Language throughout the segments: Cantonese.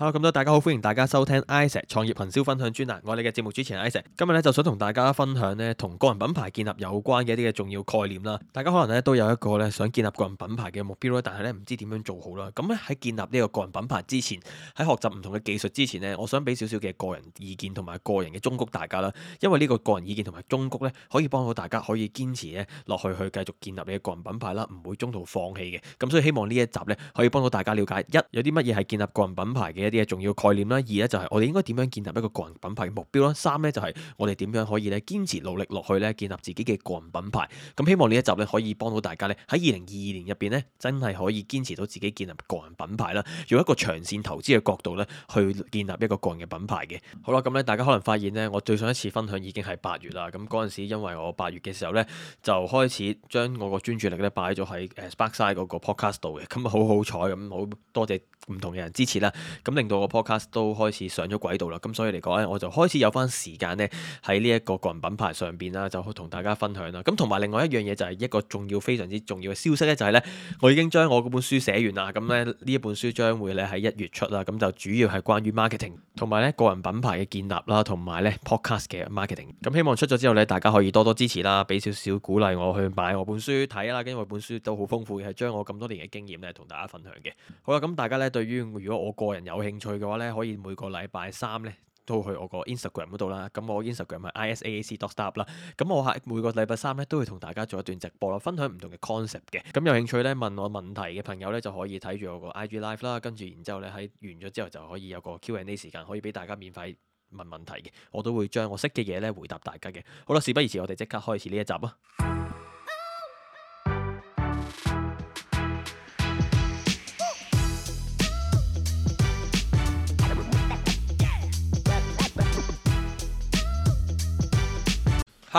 Hello，咁多位，大家好，歡迎大家收聽 Isaac 創業行銷分享專欄。我哋嘅節目主持人 Isaac，今日咧就想同大家分享咧同個人品牌建立有關嘅一啲嘅重要概念啦。大家可能咧都有一個咧想建立個人品牌嘅目標啦，但係咧唔知點樣做好啦。咁咧喺建立呢個個人品牌之前，喺學習唔同嘅技術之前咧，我想俾少少嘅個人意見同埋個人嘅忠告大家啦。因為呢個個人意見同埋忠告咧，可以幫到大家可以堅持咧落去去繼續建立你嘅個人品牌啦，唔會中途放棄嘅。咁所以希望呢一集咧可以幫到大家了解一有啲乜嘢係建立個人品牌嘅，一啲嘅重要概念啦，二咧就係我哋應該點樣建立一個個人品牌嘅目標啦，三咧就係我哋點樣可以咧堅持努力落去咧建立自己嘅個人品牌。咁希望呢一集咧可以幫到大家咧喺二零二二年入邊咧真係可以堅持到自己建立個人品牌啦，用一個長線投資嘅角度咧去建立一個個人嘅品牌嘅。好啦，咁咧大家可能發現咧我最上一次分享已經係八月啦，咁嗰陣時因為我八月嘅時候咧就開始將我個專注力咧擺咗喺誒 Sparkside 嗰個 Podcast 度嘅，咁好好彩咁好多謝唔同嘅人支持啦，咁。令到個 podcast 都開始上咗軌道啦，咁所以嚟講咧，我就開始有翻時間咧喺呢一個個人品牌上邊啦，就同大家分享啦。咁同埋另外一樣嘢就係一個重要非常之重要嘅消息咧，就係咧，我已經將我本書寫完啦。咁咧呢一本書將會咧喺一月出啦。咁就主要係關於 marketing 同埋咧個人品牌嘅建立啦，啊，同埋咧 podcast 嘅 marketing。咁希望出咗之後咧，大家可以多多支持啦，俾少少鼓勵我去買我本書睇啦。因為本書都好豐富嘅，係將我咁多年嘅經驗咧同大家分享嘅。好啦，咁大家咧對於如果我個人有興。興趣嘅話咧，可以每個禮拜三咧都去我個 Instagram 嗰度啦。咁我 Instagram 係 I S A A C dot startup 啦。咁我喺每個禮拜三咧都會同大家做一段直播咯，分享唔同嘅 concept 嘅。咁有興趣咧問我問題嘅朋友咧就可以睇住我個 I G Live 啦。跟住然之後咧喺完咗之後就可以有個 Q and A 時間，可以俾大家免費問問題嘅。我都會將我識嘅嘢咧回答大家嘅。好啦，事不宜遲，我哋即刻開始呢一集啊！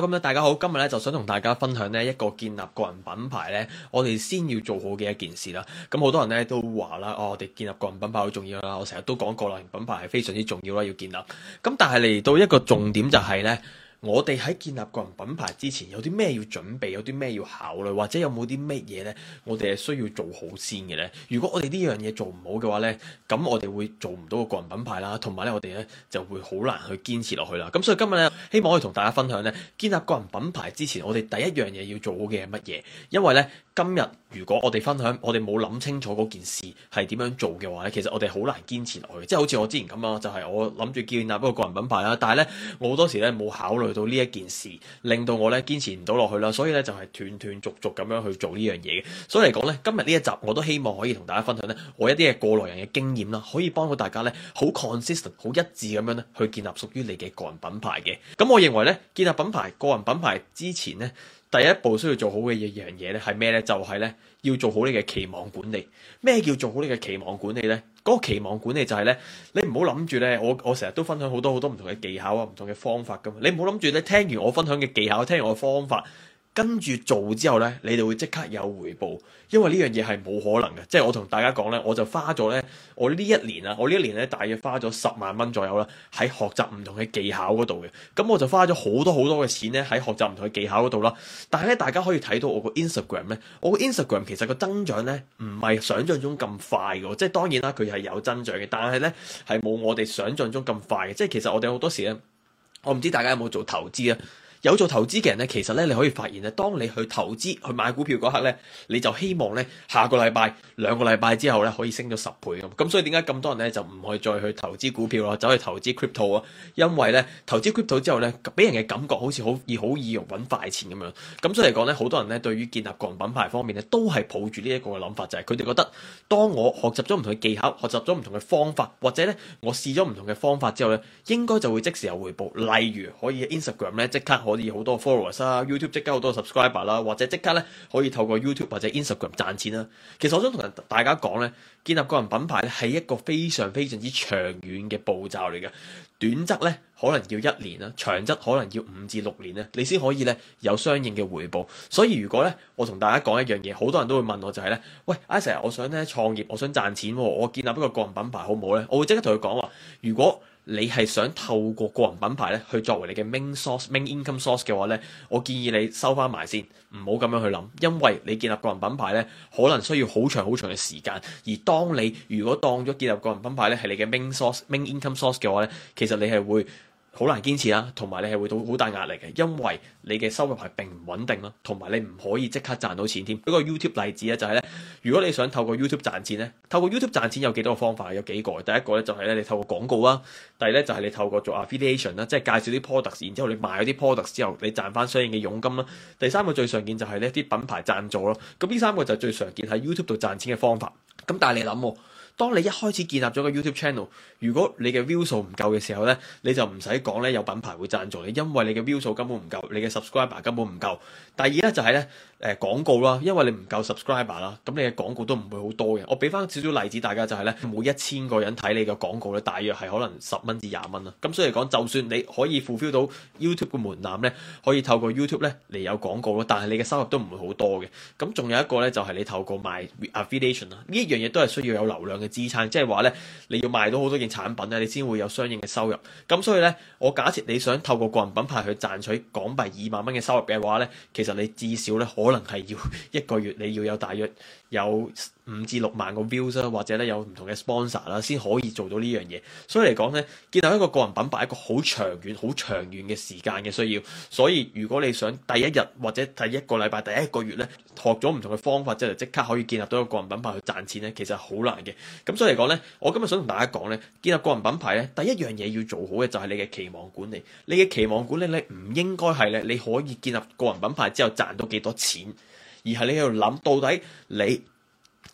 咁咧大家好，今日咧就想同大家分享呢一個建立個人品牌咧，我哋先要做好嘅一件事啦。咁好多人咧都話啦，哦，我哋建立個人品牌好重要啦，我成日都講個人品牌係非常之重要啦，要建立。咁但係嚟到一個重點就係、是、咧。我哋喺建立個人品牌之前，有啲咩要準備，有啲咩要考慮，或者有冇啲咩嘢呢？我哋係需要做好先嘅呢。如果我哋呢樣嘢做唔好嘅話呢，咁我哋會做唔到個個人品牌啦，同埋呢我哋呢就會好難去堅持落去啦。咁所以今日呢，希望可以同大家分享呢：建立個人品牌之前，我哋第一樣嘢要做嘅係乜嘢？因為呢。今日如果我哋分享，我哋冇諗清楚嗰件事係點樣做嘅話咧，其實我哋好難堅持落去。即係好似我之前咁啊，就係我諗住建立一個個人品牌啦，但係咧，我好多時咧冇考慮到呢一件事，令到我咧堅持唔到落去啦。所以咧就係斷斷續續咁樣去做呢樣嘢。所以嚟講咧，今日呢一集，我都希望可以同大家分享咧，我一啲嘅過來人嘅經驗啦，可以幫到大家咧好 consistent、好一致咁樣咧去建立屬於你嘅個人品牌嘅。咁我認為咧，建立品牌、個人品牌之前咧。第一步需要做好嘅一樣嘢咧，係咩咧？就係咧，要做好你嘅期望管理。咩叫做好你嘅期望管理咧？嗰個期望管理就係咧，你唔好諗住咧，我我成日都分享好多好多唔同嘅技巧啊，唔同嘅方法噶嘛。你唔好諗住咧，聽完我分享嘅技巧，聽完我方法，跟住做之後呢，你就會即刻有回報，因為呢樣嘢係冇可能嘅。即係我同大家講呢，我就花咗呢，我呢一年啊，我呢一年呢，大約花咗十萬蚊左右啦，喺學習唔同嘅技巧嗰度嘅。咁我就花咗好多好多嘅錢呢，喺學習唔同嘅技巧嗰度啦。但係咧，大家可以睇到我個 Instagram 呢，我個 Instagram 其實個增長呢，唔係想象中咁快嘅。即係當然啦，佢係有增長嘅，但係呢，係冇我哋想象中咁快嘅。即係其實我哋好多時呢，我唔知大家有冇做投資呀。有做投資嘅人咧，其實咧你可以發現啊，當你去投資去買股票嗰刻咧，你就希望咧下個禮拜兩個禮拜之後咧可以升咗十倍咁。咁所以點解咁多人咧就唔可以再去投資股票咯，走去投資 crypto 啊，因為咧，投資 crypto 之後咧，俾人嘅感覺好似好易好易用搵快錢咁樣。咁所以嚟講咧，好多人咧對於建立個人品牌方面咧，都係抱住呢一個嘅諗法，就係佢哋覺得，當我學習咗唔同嘅技巧，學習咗唔同嘅方法，或者咧我試咗唔同嘅方法之後咧，應該就會即時有回報。例如可以 Instagram 咧，即刻可以好多 followers 啊，YouTube 即刻好多 subscriber 啦，或者即刻咧可以透過 YouTube 或者 Instagram 賺錢啦。其實我想同大家講咧，建立個人品牌咧係一個非常非常之長遠嘅步驟嚟嘅。短則咧可能要一年啦，長則可能要五至六年啊，你先可以咧有相應嘅回報。所以如果咧我同大家講一樣嘢，好多人都會問我，就係咧，喂，阿成，我想咧創業，我想賺錢，我建立一個個人品牌好唔好咧？我會即刻同佢講話，如果你係想透過個人品牌咧，去作為你嘅 main source、main income source 嘅話咧，我建議你收翻埋先，唔好咁樣去諗，因為你建立個人品牌咧，可能需要好長好長嘅時間。而當你如果當咗建立個人品牌咧，係你嘅 main source、main income source 嘅話咧，其實你係會，好難堅持啦，同埋你係會到好大壓力嘅，因為你嘅收入係並唔穩定咯，同埋你唔可以即刻賺到錢添。舉個 YouTube 例子咧就係咧，如果你想透過 YouTube 賺錢咧，透過 YouTube 賺錢有幾多個方法？有幾個？第一個咧就係咧，你透過廣告啦；第二咧就係你透過做 affiliate 啦，即係介紹啲 products 然之後你賣咗啲 products 之後，你賺翻相應嘅佣金啦。第三個最常見就係呢啲品牌贊助咯。咁呢三個就最常見喺 YouTube 度賺錢嘅方法。咁但係你諗，當你一開始建立咗個 YouTube channel，如果你嘅 view 數唔夠嘅時候呢，你就唔使講呢有品牌會贊助你，因為你嘅 view 數根本唔夠，你嘅 subscriber 根本唔夠。第二呢就係呢誒廣告啦，因為你唔夠 subscriber 啦，咁你嘅廣告都唔會好多嘅。我俾翻少少例子大家就係呢：每一千個人睇你嘅廣告呢，大約係可能十蚊至廿蚊啦。咁所以講，就算你可以 fulfill 到 YouTube 嘅門檻呢，可以透過 YouTube 呢嚟有廣告咯，但係你嘅收入都唔會好多嘅。咁仲有一個呢，就係你透過賣 affiliation 呢一樣嘢都係需要有流量。資產，即係話咧，你要賣到好多件產品咧，你先會有相應嘅收入。咁所以咧，我假設你想透過個人品牌去賺取港幣二萬蚊嘅收入嘅話咧，其實你至少咧可能係要一個月你要有大約，有五至六萬個 views 或者咧有唔同嘅 sponsor 啦，先可以做到呢樣嘢。所以嚟講咧，建立一個個人品牌係一個好長遠、好長遠嘅時間嘅需要。所以如果你想第一日或者第一個禮拜、第一個月咧學咗唔同嘅方法之後，即刻可以建立到一個個人品牌去賺錢呢，其實好難嘅。咁所以嚟講呢，我今日想同大家講呢，建立個人品牌呢，第一樣嘢要做好嘅就係你嘅期望管理。你嘅期望管理咧，唔應該係咧你可以建立個人品牌之後賺到幾多錢。而係你喺度諗，到底你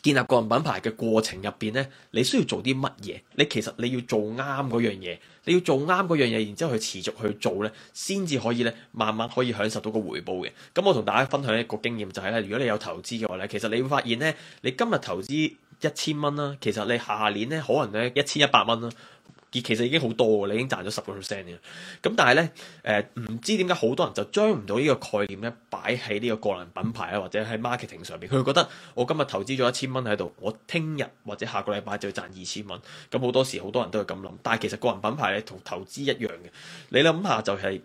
建立個人品牌嘅過程入邊咧，你需要做啲乜嘢？你其實你要做啱嗰樣嘢，你要做啱嗰樣嘢，然之後去持續去做咧，先至可以咧，慢慢可以享受到個回報嘅。咁我同大家分享一個經驗就係咧，如果你有投資嘅話咧，其實你會發現咧，你今日投資一千蚊啦，其實你下年咧可能咧一千一百蚊啦，其實已經好多喎，你已經賺咗十個 percent 嘅。咁但係咧，誒、呃、唔知點解好多人就將唔到呢個概念咧擺喺呢個個人品牌啊，或者喺 marketing 上邊，佢會覺得我今日投資咗一千蚊喺度，我聽日或者下個禮拜就要賺二千蚊。咁好多時好多人都係咁諗，但係其實個人品牌咧同投資一樣嘅，你諗下就係、是。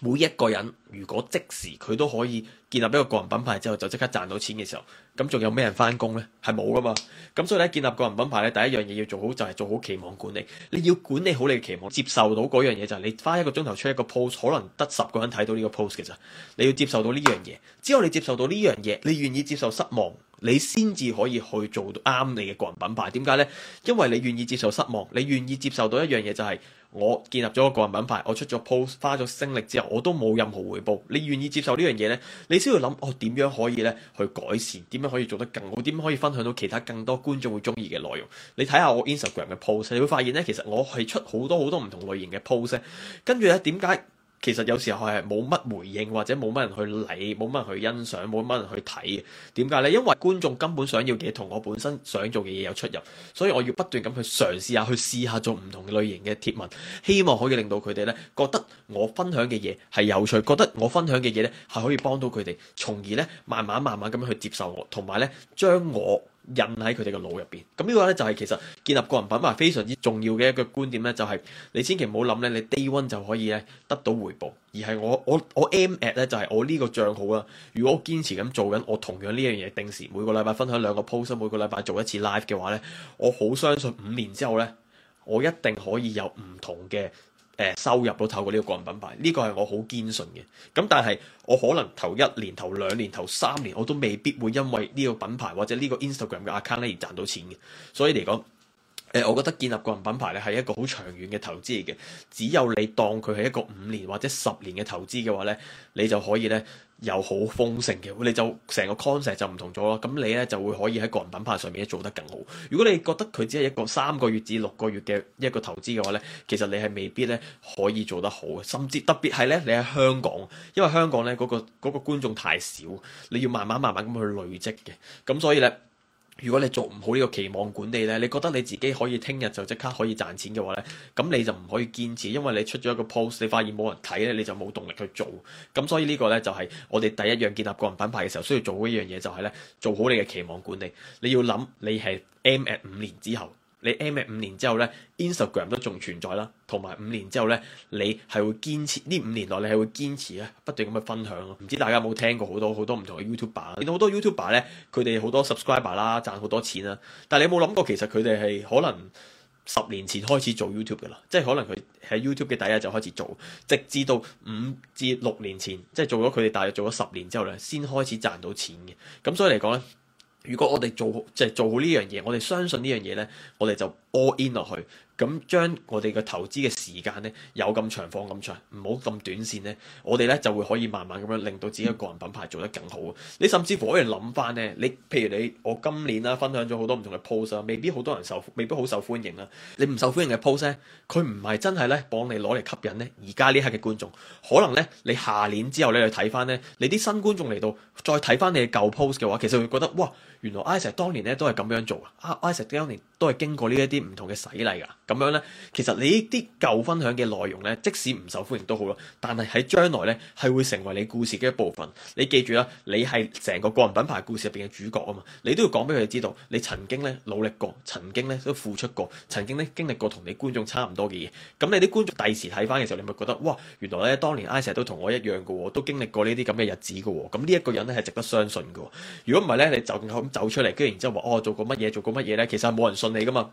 每一個人如果即時佢都可以建立一個個人品牌之後就即刻賺到錢嘅時候，咁仲有咩人翻工呢？係冇噶嘛。咁所以咧，建立個人品牌咧，第一樣嘢要做好就係做好期望管理。你要管理好你嘅期望，接受到嗰樣嘢就係你花一個鐘頭出一個 post，可能得十個人睇到呢個 post 嘅咋。你要接受到呢樣嘢，之後你接受到呢樣嘢，你願意接受失望。你先至可以去做到啱你嘅個人品牌，點解呢？因為你願意接受失望，你願意接受到一樣嘢就係、是、我建立咗個個人品牌，我出咗 post 花咗精力之後，我都冇任何回報。你願意接受呢樣嘢呢，你先要諗我點樣可以呢，去改善，點樣可以做得更好？點樣可以分享到其他更多觀眾會鍾意嘅內容？你睇下我 Instagram 嘅 post，你會發現呢，其實我係出好多好多唔同類型嘅 post，跟住咧點解？其實有時候係冇乜回應，或者冇乜人去理，冇乜人去欣賞，冇乜人去睇嘅。點解呢？因為觀眾根本想要嘅嘢同我本身想做嘅嘢有出入，所以我要不斷咁去嘗試下去試下做唔同類型嘅貼文，希望可以令到佢哋呢覺得我分享嘅嘢係有趣，覺得我分享嘅嘢呢係可以幫到佢哋，從而呢慢慢慢慢咁去接受我，同埋呢將我，印喺佢哋嘅腦入邊。咁呢個呢，就係其實建立個人品牌非常之重要嘅一個觀點呢，就係你千祈唔好諗呢，你 day one 就可以咧得到回報，而係我我我 aim at 呢就係我呢個賬號啊。如果我堅持咁做緊，我同樣呢樣嘢，定時每個禮拜分享兩個 post，每個禮拜做一次 live 嘅話呢，我好相信五年之後呢，我一定可以有唔同嘅。誒收入都透過呢個個人品牌，呢、這個係我好堅信嘅。咁但係我可能頭一年、頭兩年、頭三年，我都未必會因為呢個品牌或者呢個 Instagram 嘅 account 咧而賺到錢嘅。所以嚟講，誒、呃，我覺得建立個人品牌咧係一個好長遠嘅投資嚟嘅。只有你當佢係一個五年或者十年嘅投資嘅話咧，你就可以咧有好豐盛嘅，你就成個 concept 就唔同咗咯。咁你咧就會可以喺個人品牌上面咧做得更好。如果你覺得佢只係一個三個月至六個月嘅一個投資嘅話咧，其實你係未必咧可以做得好嘅。甚至特別係咧你喺香港，因為香港咧嗰個嗰個觀眾太少，你要慢慢慢慢咁去累積嘅。咁所以咧。如果你做唔好呢個期望管理呢，你覺得你自己可以聽日就即刻可以賺錢嘅話呢，咁你就唔可以堅持，因為你出咗一個 post，你發現冇人睇呢，你就冇動力去做。咁所以呢個呢，就係、是、我哋第一樣建立個人品牌嘅時候需要做嘅一樣嘢，就係呢：做好你嘅期望管理。你要諗你係 aim at 五年之後。你 m 咩五年之後呢 Instagram 都仲存在啦，同埋五年之後呢，你係會堅持呢五年內你係會堅持咧不斷咁去分享、啊。唔知大家有冇聽過好多好多唔同嘅 YouTuber，見、啊、到好多 YouTuber 呢，佢哋好多 subscriber 啦，賺好多錢啦、啊。但係你有冇諗過其實佢哋係可能十年前開始做 YouTube 嘅啦，即係可能佢喺 YouTube 嘅第一日就開始做，直至到五至六年前，即係做咗佢哋大約做咗十年之後呢，先開始賺到錢嘅。咁所以嚟講咧。如果我哋做好，即係做好呢樣嘢，我哋相信呢樣嘢咧，我哋就。播 in 落去，咁將我哋嘅投資嘅時間呢，有咁長放咁長，唔好咁短線呢我哋呢，就會可以慢慢咁樣令到自己個人品牌做得更好。你甚至乎可以諗翻呢，你譬如你我今年啦分享咗好多唔同嘅 post 啦，未必好多人受，未必好受歡迎啦。你唔受歡迎嘅 post 咧，佢唔係真係呢，幫你攞嚟吸引呢。而家呢刻嘅觀眾，可能呢，你下年之後你去睇翻呢，你啲新觀眾嚟到再睇翻你嘅舊 post 嘅話，其實會覺得哇，原來 Isaac 當年呢都係咁樣做啊！Isaac 當年都係經過呢一啲。唔同嘅洗禮噶、啊，咁樣呢，其實你呢啲舊分享嘅內容呢，即使唔受歡迎都好咯，但係喺將來呢，係會成為你故事嘅一部分。你記住啦、啊，你係成個個人品牌故事入邊嘅主角啊嘛，你都要講俾佢哋知道，你曾經呢，努力過，曾經呢，都付出過，曾經呢，經歷過同你觀眾差唔多嘅嘢。咁你啲觀眾第時睇翻嘅時候，你咪覺得哇，原來呢，當年 Isa 都同我一樣噶喎，都經歷過呢啲咁嘅日子噶喎。咁呢一個人呢，係值得相信噶。如果唔係呢，你就咁走出嚟，跟住然之後話哦，做過乜嘢，做過乜嘢呢？其實係冇人信你噶嘛。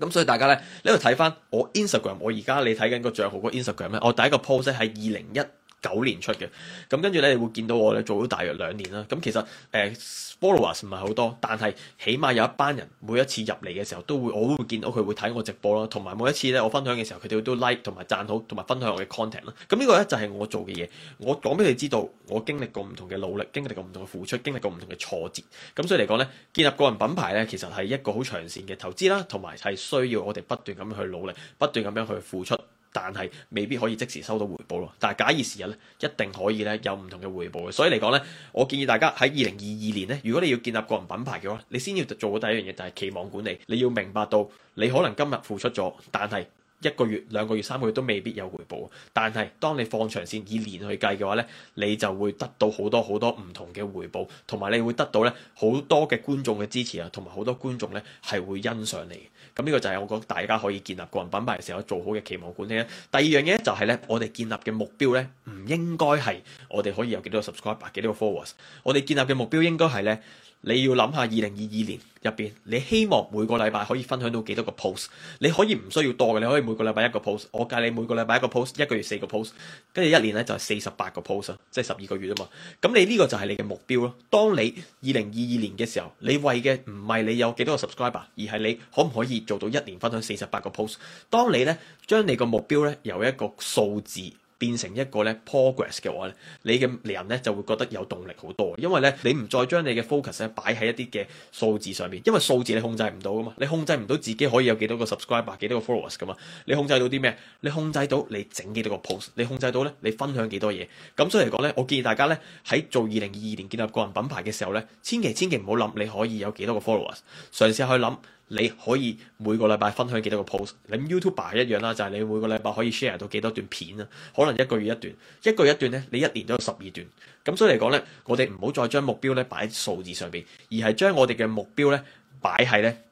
咁所以大家咧，呢度睇翻我 Instagram，我而家你睇緊個賬號個 Instagram 咧，我第一個 post 係二零一九年出嘅，咁跟住咧，你會見到我咧做咗大約兩年啦。咁其實誒 followers 唔係好多，但係起碼有一班人，每一次入嚟嘅時候都會，我都會見到佢會睇我直播啦，同埋每一次咧我分享嘅時候，佢哋都 like 同埋讚好，同埋分享我嘅 content 啦。咁呢個咧就係我做嘅嘢，我講俾你知道，我經歷過唔同嘅努力，經歷過唔同嘅付出，經歷過唔同嘅挫折。咁所以嚟講咧，建立個人品牌咧，其實係一個好長線嘅投資啦，同埋係需要我哋不斷咁樣去努力，不斷咁樣去付出。但係未必可以即時收到回報咯。但係假以時日咧，一定可以咧有唔同嘅回報嘅。所以嚟講咧，我建議大家喺二零二二年咧，如果你要建立個人品牌嘅話，你先要做第一樣嘢，就係期望管理。你要明白到你可能今日付出咗，但係一個月、兩個月、三個月都未必有回報。但係當你放長線以年去計嘅話咧，你就會得到好多好多唔同嘅回報，同埋你會得到咧好多嘅觀眾嘅支持啊，同埋好多觀眾咧係會欣賞你。咁呢個就係我覺得大家可以建立個人品牌嘅時候做好嘅期望管理咧。第二樣嘢咧就係咧，我哋建立嘅目標咧唔應該係我哋可以有幾多個 subscriber，幾多個 followers。我哋建立嘅目標應該係咧。你要諗下二零二二年入邊，你希望每個禮拜可以分享到幾多個 post？你可以唔需要多嘅，你可以每個禮拜一個 post。我計你每個禮拜一個 post，一個月四個 post，跟住一年咧就係四十八個 post，即係十二個月啊嘛。咁你呢個就係你嘅目標咯。當你二零二二年嘅時候，你為嘅唔係你有幾多個 subscriber，而係你可唔可以做到一年分享四十八個 post？當你呢，將你個目標呢由一個數字。變成一個咧 progress 嘅話咧，你嘅人咧就會覺得有動力好多，因為咧你唔再將你嘅 focus 咧擺喺一啲嘅數字上面，因為數字你控制唔到噶嘛，你控制唔到自己可以有幾多個 subscriber，幾多個 followers 噶嘛，你控制到啲咩？你控制到你整幾多個 post，你控制到咧你分享幾多嘢，咁所以嚟講咧，我建議大家咧喺做二零二二年建立個人品牌嘅時候咧，千祈千祈唔好諗你可以有幾多個 followers，嘗試去諗。你可以每個禮拜分享幾多個 post，咁 YouTuber 係一樣啦，就係你每個禮拜可以 share 到幾多段片啦，可能一個月一段，一個月一段咧，你一年都有十二段。咁所以嚟講咧，我哋唔好再將目標咧擺喺數字上邊，而係將我哋嘅目標咧擺喺咧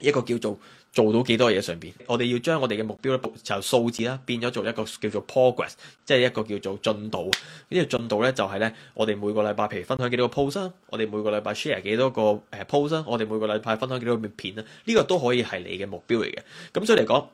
一個叫做。做到幾多嘢上邊？我哋要將我哋嘅目標咧，就數字啦，變咗做一個叫做 progress，即係一個叫做進度。呢個進度咧，就係咧，我哋每個禮拜，譬如分享幾多個 post 啦，我哋每個禮拜 share 幾多個誒 post 啦，我哋每個禮拜分享幾多個片啦，呢個都可以係你嘅目標嚟嘅。咁所以嚟講。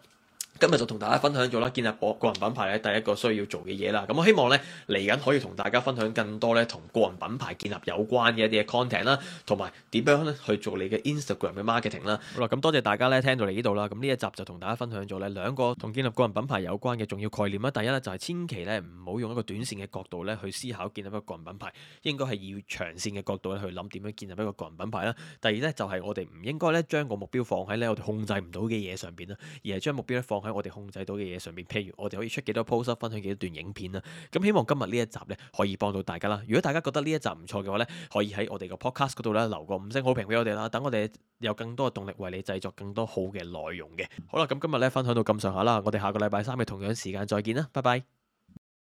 今日就同大家分享咗啦，建立個個人品牌咧，第一個需要做嘅嘢啦。咁我希望咧嚟緊可以同大家分享更多咧同個人品牌建立有關嘅一啲嘅 content 啦，同埋點樣咧去做你嘅 Instagram 嘅 marketing 啦。好啦，咁多謝大家咧聽到嚟呢度啦。咁呢一集就同大家分享咗咧兩個同建立個人品牌有關嘅重要概念啦。第一咧就係千祈咧唔好用一個短線嘅角度咧去思考建立一個個人品牌，應該係以長線嘅角度咧去諗點樣建立一個個人品牌啦。第二咧就係我哋唔應該咧將個目標放喺咧我哋控制唔到嘅嘢上邊啦，而係將目標咧放。喺我哋控制到嘅嘢上面，譬如我哋可以出幾多 post s，分享幾多段影片啦。咁希望今日呢一集呢可以幫到大家啦。如果大家覺得呢一集唔錯嘅話呢，可以喺我哋個 podcast 嗰度呢留個五星好評俾我哋啦。等我哋有更多嘅動力為你製作更多好嘅內容嘅。好啦，咁今日呢分享到咁上下啦，我哋下個禮拜三嘅同樣時間再見啦，拜拜。